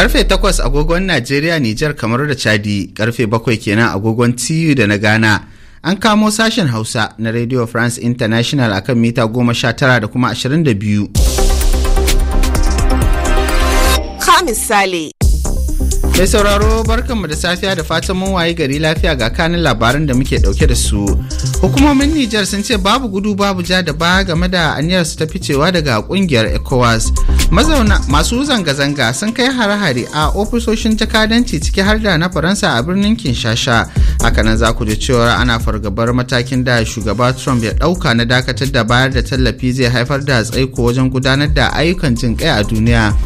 Karfe takwas agogon Najeriya Nijar kamar da Chadi, karfe bakwai kenan agogon TU da na Ghana. An kamo sashen Hausa na Radio France International akan mita goma sha tara da kuma ashirin da biyu. Ka misali. Mai sauraro barkanmu da safiya da fatan mun waye gari lafiya ga kanin labaran da muke dauke da su. Hukumomin Nijar sun ce babu gudu babu ja da ba game da aniyar su ta ficewa daga kungiyar ECOWAS. Mazauna masu zanga-zanga sun kai hare-hare a ofisoshin jakadanci ciki har da na Faransa a birnin Kinshasa. Hakanan za ku ji cewa ana fargabar matakin da shugaba Trump ya dauka na dakatar da bayar da tallafi zai haifar da tsaiko wajen gudanar da ayyukan jin a duniya.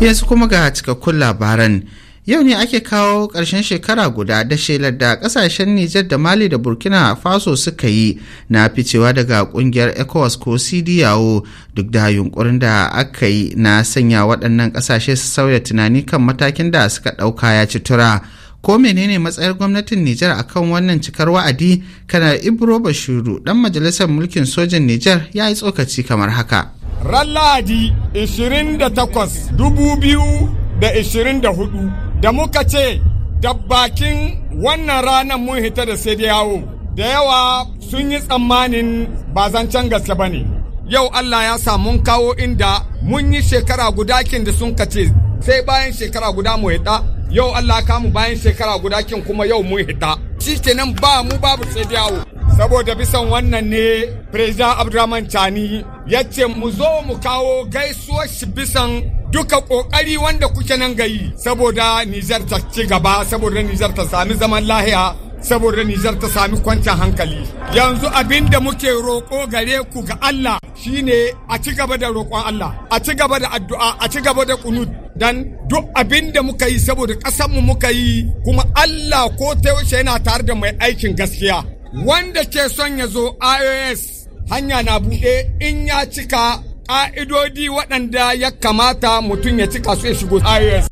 yanzu kuma ga cikakkun labaran yau ne ake kawo karshen shekara guda da shelar da ƙasashen Nijar da Mali da Burkina Faso suka yi na ficewa daga ƙungiyar ECOWAS ko CDAO duk da yunkurin da aka yi na sanya waɗannan ƙasashe su sauya tunani kan matakin da suka ɗauka ya ci tura. Ko menene matsayar gwamnatin Nijar akan wannan cikar wa'adi? Kana Ibro Bashiru, ɗan majalisar mulkin sojan Nijar ya yi tsokaci kamar haka. ran lahadi 28,2024 da muka ce dabbakin wannan ranar mun hita da sai da yawo da yawa sun yi tsammanin ba zancen gaske ba ne yau Allah ya sa mun kawo inda mun yi shekara guda kin da sun kace sai bayan shekara guda mu hita yau Allah kamu bayan shekara guda kin kuma yau mun hita shi kenan ba mu babu sai da yawo saboda bisan wannan ne President Abdurrahman Chani ya ce mu zo mu kawo gaisuwar shi bisan duka kokari wanda kuke nan gayi saboda Nijar ta ci gaba saboda Nijar ta sami zaman lahiya saboda Nijar ta sami kwancin hankali. Yanzu abin da muke roƙo gare ku ga Allah shine a ci gaba da roƙon Allah, a ci gaba da addu'a, a ci gaba da kunut. Dan duk abin da muka yi saboda ƙasarmu muka yi kuma Allah ko ta yaushe yana tare da mai aikin gaskiya. wanda ke son ya zo ios hanya na buɗe in ya cika ƙa'idodi waɗanda ya kamata mutum ya cika su ya shigo ios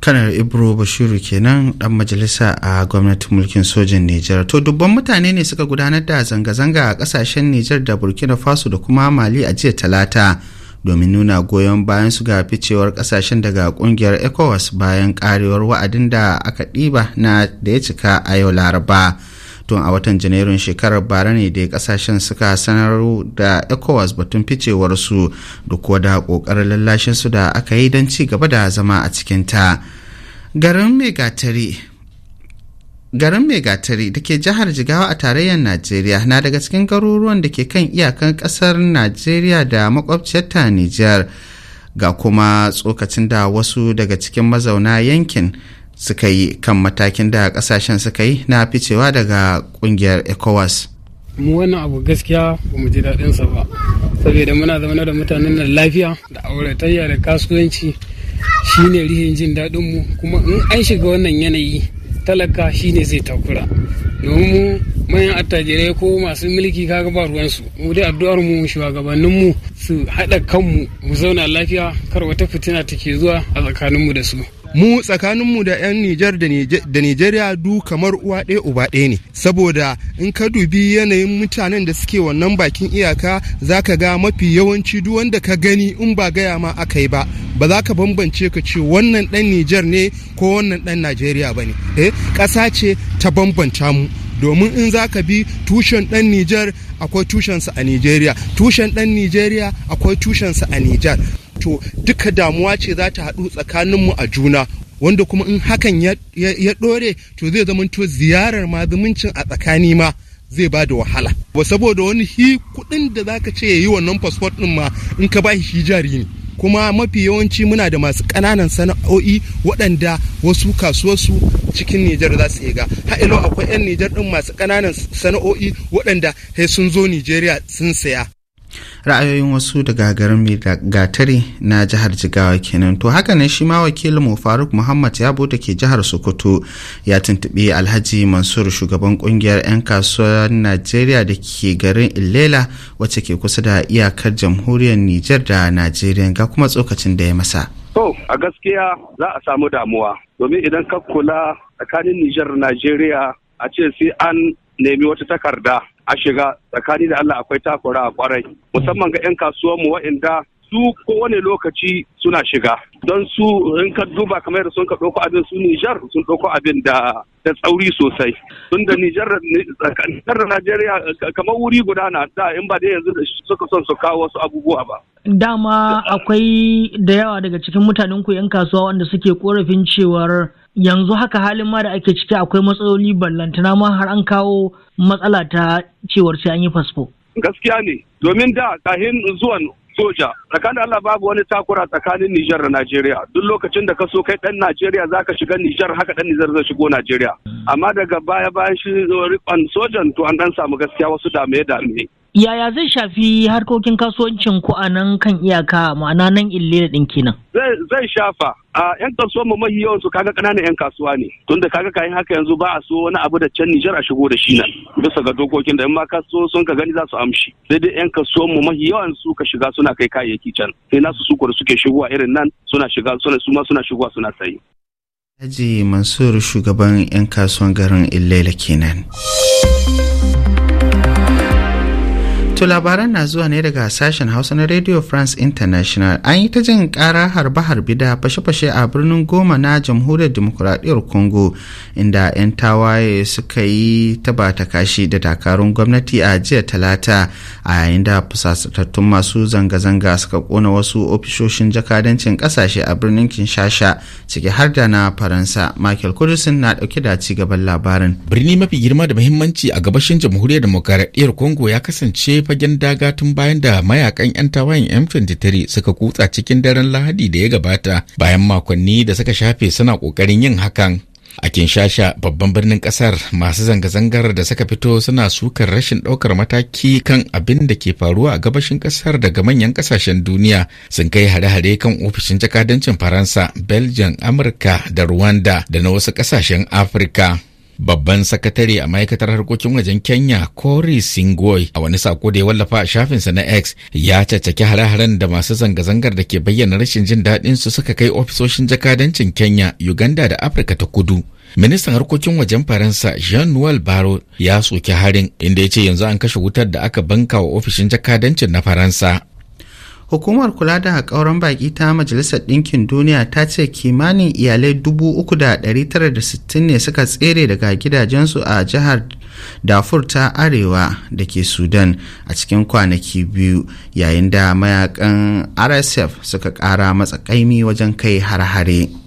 kanar ibro bashiru kenan dan majalisa a gwamnatin mulkin sojin nijar to dubban mutane ne suka gudanar da zanga-zanga a kasashen nijar da burkina faso da kuma mali a jiya talata domin nuna goyon bayan su ga ficewar kasashen daga kungiyar ecowas bayan karewar wa'adin da aka ɗiba na da ya cika a yau laraba tun a watan janairun shekarar bara ne da kasashen suka sanar da ecowas batun ficewarsu da kuwa da kokarin su da aka yi don ci gaba da zama a cikinta garin megatari garin megatari da ke jihar jigawa a tarayyar najeriya na daga cikin garuruwan da ke kan iyakan kasar najeriya da makwabciyarta nijar ga kuma tsokacin da wasu daga cikin mazauna yankin suka yi kan matakin da kasashen suka yi na ficewa daga kungiyar ecowas mu wannan abu gaskiya ba mu ji daɗinsa ba saboda muna zaune da mutanen nan lafiya da auratayya da kasuwanci shine rihin jin daɗinmu kuma in an shiga wannan yanayi talaka shine zai takura domin mu manyan attajirai ko masu mulki kaga ba ruwansu mu dai addu'ar mu shugabannin mu su haɗa kanmu mu zauna lafiya kar wata fitina take zuwa a tsakaninmu da su mu tsakaninmu da 'yan Nijar da Nijeriya du kamar uwa ɗaya uba ɗaya ne saboda in ka dubi yanayin mutanen da suke wannan bakin iyaka za ka ga mafi yawanci duk wanda ka gani in ba gaya ma aka yi ba ba za ka bambance ka ce wannan ɗan Nijar ne ko wannan ɗan Najeriya ba ne eh ƙasa ce ta bambanta mu domin in za ka bi tushen ɗan Nijar akwai tushensa a Nijeriya tushen ɗan Nijeriya akwai tushensa a Nijar to duka damuwa ce za ta haɗu tsakaninmu a juna wanda kuma in hakan ya ɗore to zai zamanto ziyarar ma zumuncin a tsakani ma zai ba da wahala ba saboda wani hi kuɗin da za ka ce ya yi wannan fasfot ɗin ma in ka bashi shi jari ne kuma mafi yawanci muna da masu ƙananan sana'o'i waɗanda wasu kasuwarsu cikin Nijar za su ga ha'ilo akwai 'yan Nijar ɗin masu ƙananan sana'o'i waɗanda sai sun zo Nijeriya sun saya ra'ayoyin wasu daga garin mai gatari na jihar jigawa kenan to haka ne shi ma wakilin mu faruk muhammad ya da ke jihar sokoto ya tuntuɓi alhaji mansur shugaban ƙungiyar 'yan kasuwar najeriya da ke garin Ilela, wacce ke kusa da iyakar jamhuriyar nijar da najeriya ga kuma tsokacin da ya masa To, a gaskiya za a samu damuwa, domin idan ka kula tsakanin Nijar Najeriya a ce sai an nemi wata takarda a shiga tsakani da Allah akwai takura a kwarai musamman ga 'yan kasuwanmu wa'inda su kowane lokaci suna shiga don su in ka duba kamar yadda sun ka ɗauko abin su Nijar sun ɗauko abin da da tsauri sosai tun da Nijar da Najeriya kamar wuri guda na da in ba dai yanzu suka son su kawo wasu abubuwa ba. Dama akwai da yawa daga cikin mutanen ku 'yan kasuwa wanda suke korafin cewar yanzu haka halin ma da ake ciki akwai matsaloli ballantana ma har an kawo matsala ta cewar sai an yi fasfo. Gaskiya ne, domin da kahin zuwan soja tsakanin Allah babu wani takura tsakanin Nijar da Najeriya duk lokacin da ka so kai ɗan Najeriya zaka shiga Nijar haka dan Nijar zai shigo Najeriya amma daga baya bayan shi rikon sojan to an dan samu gaskiya wasu dame dame yaya zai shafi harkokin kasuwancin ku a nan kan iyaka ma'ana nan ille din nan? zai shafa a yan kasuwan mu mahi yawan su kaga kananan yan kasuwa ne tunda kaga kayan haka yanzu ba a so wani abu da can Nijar a shigo da shi nan bisa ga dokokin da in ma kaso sun ka gani za su amshi sai dai yan kasuwan mu mahi yawan su ka shiga suna kai kayayyaki can sai nasu da suke shigowa irin nan suna shiga suna su suna shigowa suna sayi Haji Mansur shugaban 'yan kasuwan garin Ilela kenan. To labaran na zuwa ne daga sashen Hausa na Radio France International. An yi ta jin ƙara harbe-harbe da fashe-fashe a birnin Goma na Jamhuriyar Dimokuraɗiyyar Congo, inda 'yan tawaye suka yi taba ta kashi da dakarun gwamnati a jiya Talata, a yayin da fusatattun masu zanga-zanga suka ƙona wasu ofishoshin jakadancin ƙasashe a birnin Kinshasa, ciki har da na Faransa. Michael Kudusin na ɗauke da ci gaban labarin. Birni mafi girma da muhimmanci a gabashin Jamhuriyar Dimokuraɗiyyar Congo ya kasance fagen daga tun bayan da mayakan 'yan tawayen M23 suka kutsa cikin daren Lahadi da ya gabata bayan makonni da suka shafe suna ƙoƙarin yin hakan. A Kinshasa babban birnin ƙasar masu zanga-zangar da suka fito suna sukar rashin ɗaukar mataki kan abin da ke faruwa a gabashin ƙasar daga manyan ƙasashen duniya sun kai hare-hare kan ofishin jakadancin Faransa, Belgium, Amurka da Rwanda da na wasu ƙasashen Afirka. Babban sakatare a ma'aikatar harkokin wajen Kenya Cory Singoi a wani sako da ya wallafa a shafinsa na X ya caccaki hare-haren da masu zanga-zangar da ke bayyana rashin jin daɗin su suka kai ofisoshin jakadancin Kenya, Uganda da Afirka ta Kudu. Ministan harkokin wajen Faransa Jean-Noel Barrot ya soki harin inda ya ce yanzu an kashe wutar da aka banka wa ofishin jakadancin na Faransa. hukumar kula da haƙauran baƙi ta majalisar ɗinkin duniya ta ce kimanin iyalai 3,960 ne suka tsere daga gidajensu a jihar dafur ta arewa da ke sudan a cikin kwanaki biyu yayin da mayakan rsf suka ƙara matsakaimi wajen kai har-hare.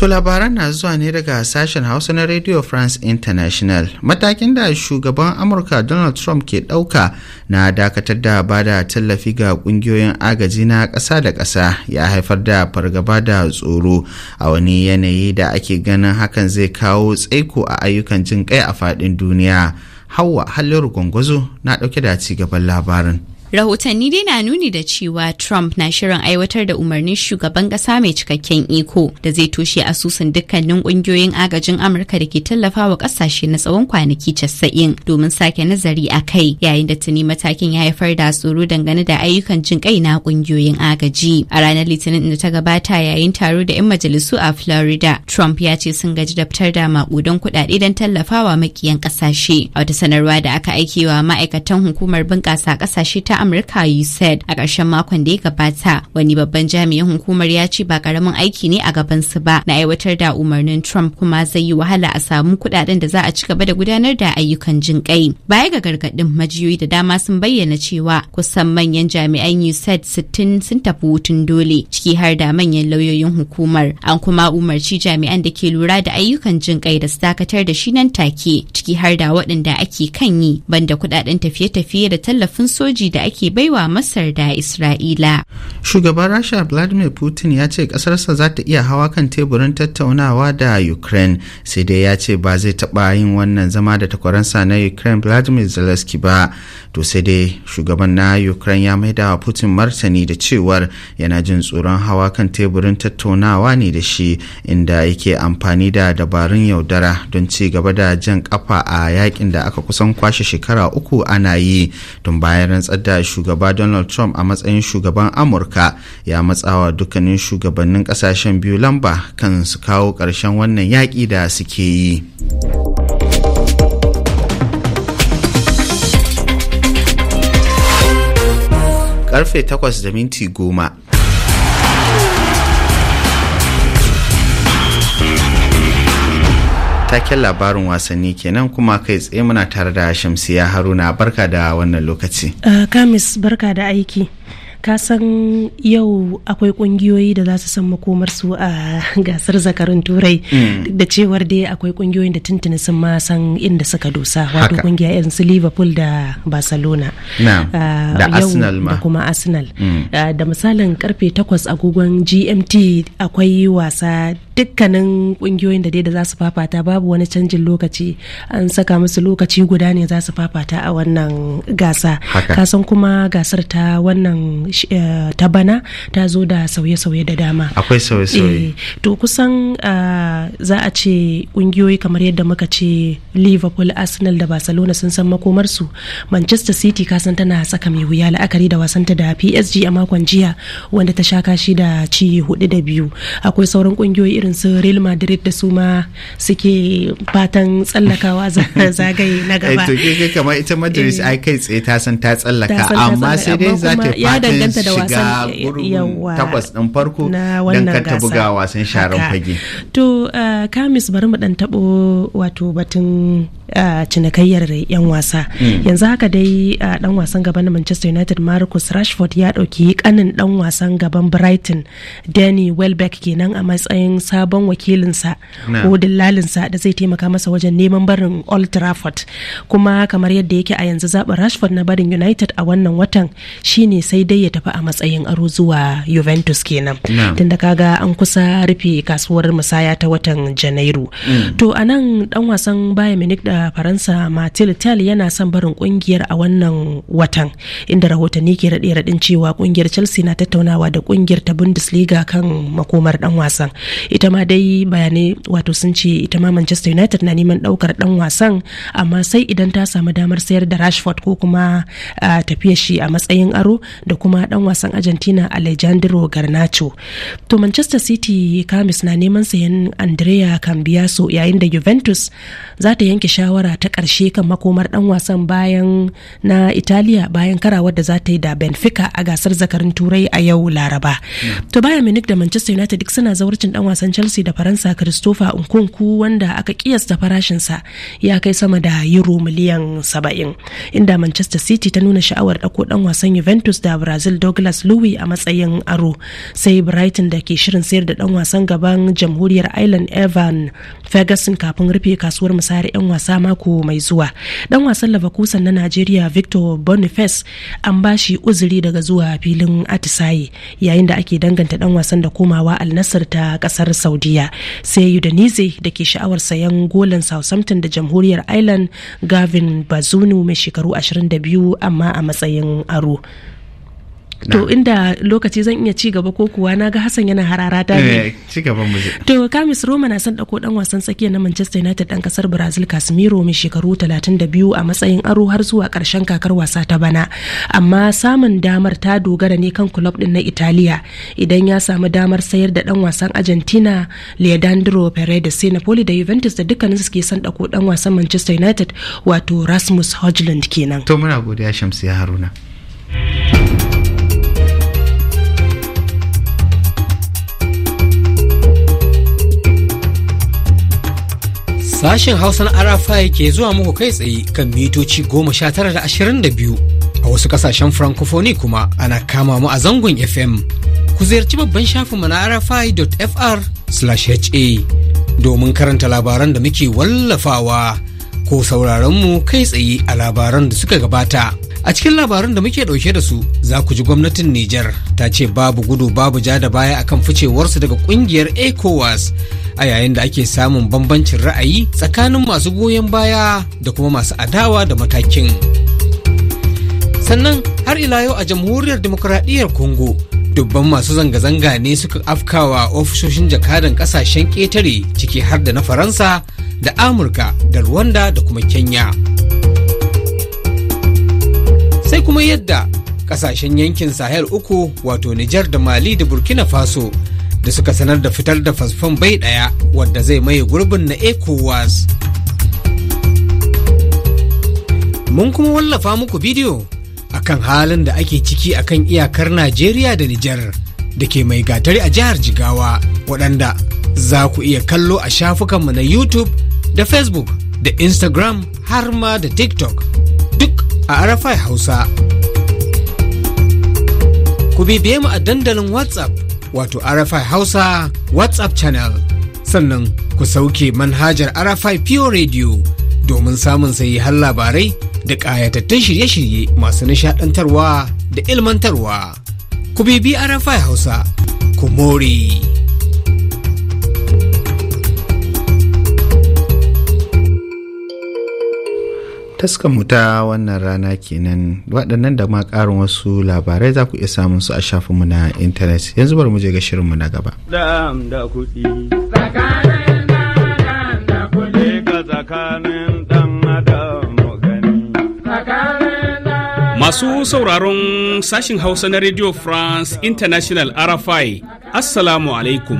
To labaran na zuwa ne daga sashen Hausa na Radio France International. Matakin da shugaban Amurka Donald Trump ke ɗauka na dakatar da bada tallafi ga ƙungiyoyin agaji na ƙasa da ƙasa ya haifar da fargaba da tsoro a wani yanayi da ake ganin hakan zai kawo tsaiko a ayyukan jin kai a faɗin duniya. Hauwa halin Gwangwazo na ɗauke da cigaban gaban labarin. Rahotanni dai na nuni da cewa Trump na shirin aiwatar da umarnin shugaban kasa mai cikakken iko da zai toshe asusun dukkanin kungiyoyin agajin Amurka da ke tallafawa kasashe na tsawon kwanaki casa'in domin sake nazari a kai yayin da tuni matakin ya haifar da tsoro dangane da ayyukan jin kai na kungiyoyin agaji. A ranar Litinin da ta gabata yayin taro da 'yan majalisu a Florida, Trump ya ce sun gaji da fitar da maƙudan kuɗaɗe don tallafawa makiyan kasashe. A wata sanarwa da aka aikewa ma'aikatan hukumar bunƙasa ƙasashe ta Amurka USAID a ƙarshen makon da ya gabata. Wani babban jami'in hukumar ya ce ba ƙaramin aiki ne a gaban su ba na aiwatar da umarnin Trump kuma zai yi wahala a samu kuɗaɗen da za a ci gaba da gudanar da ayyukan jin ƙai. Baya ga gargaɗin majiyoyi da dama sun bayyana cewa kusan manyan jami'an USAID 60 sun tafi hutun dole ciki har da manyan lauyoyin hukumar. An kuma umarci jami'an da ke lura da ayyukan jin ƙai da su dakatar da shi nan take ciki har da waɗanda ake kan yi banda kuɗaɗen tafiye-tafiye da tallafin soji da ake baiwa Masar da Isra'ila. Shugaban Rasha Vladimir Putin ya ce ƙasarsa za ta iya hawa kan teburin tattaunawa da Ukraine sai dai ya ce ba zai taɓa yin wannan zama da takwaransa na Ukraine Vladimir Zelensky ba. To sai dai shugaban na Ukraine ya maida wa Putin martani da cewar yana jin tsoron hawa kan teburin tattaunawa ne da shi inda yake amfani da dabarun yaudara don ci gaba da jan kafa a yakin da aka kusan kwashe shekara uku ana yi tun bayan rantsar da da shugaba donald trump a matsayin shugaban amurka ya matsawa dukkanin shugabannin kasashen biyu lamba kan su kawo ƙarshen wannan yaƙi da suke yi karfe 8 da minti goma taken labarin wasanni kenan kuma kai tsaye muna tare da shamsiya haruna barka da wannan lokaci. Uh, kamis barka da aiki. ka san yau akwai kungiyoyi da za su san makomar su a gasar zakarun turai mm. da cewar dai akwai kungiyoyin da tuntuni sun ma san inda suka dosa wato kungiya su liverpool da barcelona ah, da arsenal ma da kuma arsenal mm. ah, da misalin karfe 8 agogon gmt akwai wasa dukkanin kungiyoyin da dai da za su fafata babu wani canjin lokaci an saka musu lokaci guda ne za su fafata a wannan gasa kasan kuma gasar ta wannan Eh, ta bana ta zo da sauye-sauye da dama akwai sauye-sauye eh, to kusan eh, za a ce kungiyoyi kamar yadda muka ce liverpool arsenal da barcelona sun san makomarsu manchester city kasan tana saka mai wuya la'akari da wasanta da psg a makon jiya wanda ta sha kashi da ci hudu da biyu akwai sauran kungiyoyi irin su real madrid da su ma suke fatan tsallakawa zagaye na gaba kamar ita madrid ai kai tsaye ta san ta tsallaka amma sai dai za ta fatan danganta da wasan yawa takwas din farko dan ka ta buga wasan sharan fage to eh, kamis bari mu dan tabo wato batun cinikayyar yan wasa hmm. yanzu haka dai dan wasan gaban manchester united marcus rashford ya dauki kanin dan wasan gaban brighton danny welbeck kenan a matsayin sabon wakilinsa ko dillalinsa da zai taimaka masa wajen neman barin old trafford kuma kamar yadda yake a yanzu zaɓin rashford na barin united a wannan watan shine sai dai ya tafi a matsayin aro zuwa juventus kenan tunda kaga an kusa rufe kasuwar musaya ta watan janairu hmm. to anan dan wasan bayern munich da faransa matil tal yana son barin kungiyar a wannan watan inda rahotanni ke raɗe raɗin cewa kungiyar chelsea na tattaunawa da kungiyar ta bundesliga kan makomar dan wasan ita ma dai bayanai wato sun ce ita ma manchester united na neman ɗaukar dan wasan amma sai idan ta samu damar sayar da rashford ko kuma tafiyar shi a matsayin aro da kuma dan wasan argentina alejandro garnacho to manchester city kamis na neman sayan andrea cambiaso yayin da juventus za ta yanke shawara shawara ta karshe kan makomar ɗan wasan bayan na Italiya bayan karawar da za ta yi da Benfica a gasar zakarin Turai a yau Laraba. To bayan Munich da Manchester United duk suna zawarcin dan wasan Chelsea da Faransa Christopher Nkunku wanda aka kiyasta farashinsa ya kai sama da euro miliyan saba'in. inda Manchester City ta nuna sha'awar ɗauko ɗan wasan Juventus da Brazil Douglas Louis a matsayin aro sai Brighton da ke shirin sayar da ɗan wasan gaban jamhuriyar Ireland Evan Ferguson kafin rufe kasuwar misayar 'yan wasa mako mai zuwa dan wasan leverkusen na najeriya victor boniface an ba shi uzuri daga zuwa filin atisaye yayin da ake danganta dan wasan da komawa alnasar ta kasar saudiya sai udinese da ke sha'awar sayan golan southampton da jamhuriyar ireland gavin bazunu mai shekaru 22 amma a matsayin aro to inda lokaci zan iya ci gaba ko kuwa na ga Hassan yana harara ta ne eh, ci gaba mu to Kamis Roma na son dako dan wasan tsakiya na Manchester United dan kasar Brazil Casemiro mai shekaru 32 a matsayin aro har zuwa karshen kakar wasa ta bana amma samun damar ta dogara ne kan club din na Italiya idan ya samu damar sayar da dan wasan Argentina Leandro Paredes sai Napoli da Juventus da dukkaninsu ke son dako dan wasan Manchester United wato Rasmus Hojlund kenan to muna godiya Shamsiya Haruna Sashen Hausa na Arafa ke zuwa muku kai tsaye kan mitoci goma sha tara da ashirin da biyu. A wasu kasashen Francophonie kuma ana kama mu a zangon FM. Ku ziyarci babban shafinmu na arafai.fr/ha domin karanta labaran da muke wallafawa ko sauraron mu kai tsaye a labaran da suka gabata. A cikin labarun da muke ɗauke da su za ku ji gwamnatin Nijar ta ce babu gudu babu ja da baya akan ficewarsu daga ƙungiyar ECOWAS a yayin da ake samun bambancin ra'ayi tsakanin masu goyon baya da kuma masu adawa da matakin. Sannan har ila yau a jamhuriyar demokuraɗiyyar Congo dubban masu zanga-zanga ne suka afkawa ofisoshin jakadan ƙasashen ƙetare ciki har da na Faransa da Amurka da Rwanda da kuma Kenya. kuma yadda kasashen yankin sahel uku wato nijar da mali da burkina faso da suka sanar da fitar da fasfon bai daya wadda zai maye gurbin na ecowas mun kuma wallafa muku bidiyo akan halin da ake ciki akan iyakar najeriya da nijar da ke mai gatari a jihar jigawa waɗanda za ku iya kallo a shafukanmu na youtube da facebook da instagram har ma da tiktok duk a Arafai Hausa. Ku bibiye mu a dandalin WhatsApp wato Arafai Hausa WhatsApp channel. Sannan ku sauke manhajar Arafai Pure Radio domin samun sayi har labarai da ƙayatattun shirye-shirye masu nishaɗantarwa da ilmantarwa. Ku bibi Arafai Hausa, ku more. taskanmu ta wannan rana kenan waɗannan da ma ƙarin wasu labarai za ku iya samun su a shafinmu na intanet yanzu bari mu je ga shirinmu na gaba Masu sauraron sashin Hausa na Radio France International RFI, Assalamu alaikum.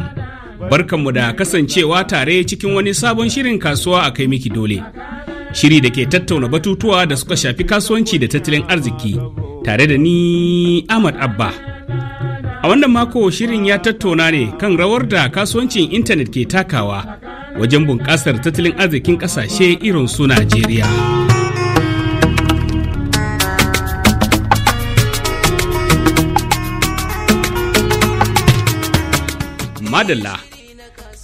Barkanmu da kasancewa tare cikin wani sabon shirin kasuwa a kai miki dole. shiri da ke tattauna batutuwa da suka shafi kasuwanci da tattalin arziki tare da ni Ahmad Abba. A wannan mako shirin ya tattauna ne kan rawar da kasuwancin intanet ke takawa wajen bunƙasar tattalin arzikin ƙasashe irin su Najeriya. Madalla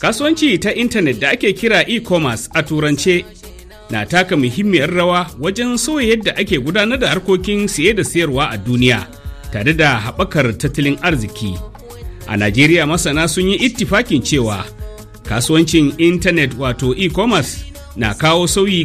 Kasuwanci ta intanet da ake kira e-commerce a turance na taka muhimmiyar rawa wajen sauya yadda ake gudanar da harkokin siye da sayarwa a duniya tare da haɓakar tattalin arziki a najeriya masana sun yi ittifakin cewa kasuwancin intanet wato e-commerce na kawo sauyi ga